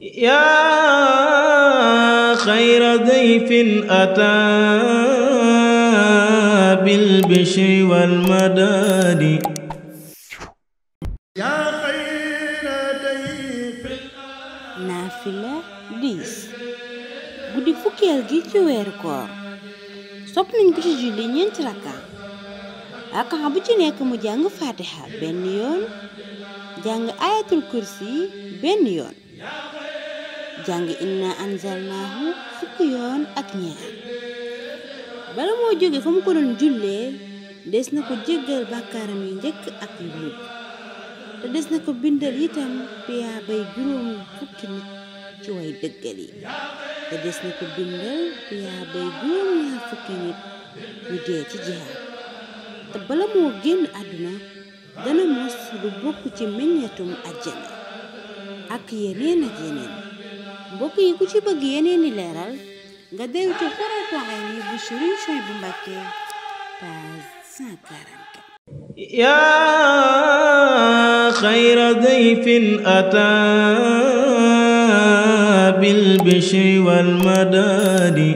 yaa xayra dayfin ataa bil bishri wal madaadi guddi fukkeel gi ci weeru koor sopp nañ ko ci julli ñeenti rakka rakka bu ci nekk mu jàng faatiha benn yoon jàng ayatul kursi benn yoon jàng inna anzalnaahu fukki yoon ak ñaar bala moo jóge fa mu ko doon jullee des na ko jéggal bàkkaaram yu njëkk ak yu te des na ko bindal yi te des na ko bindal piyaabay juróom ñaar fukki nit ñu dee ci jihaad te bala moo génn àdduna dana mos lu bokk ci meññatum ajjana ak yeneen ak yeneen kooku ku ci bëgg yeneen i leeral nga dellu ci Xuratul Ayni bu Sëriñ Suhaybu Mbàkke page 144 yaa xayra dayfin ataa bil bishri wal madaadi